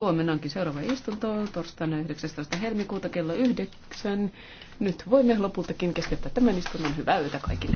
Huomenna onkin seuraava istunto torstaina 19. helmikuuta kello 9. Nyt voimme lopultakin keskeyttää tämän istunnon. Hyvää yötä kaikille.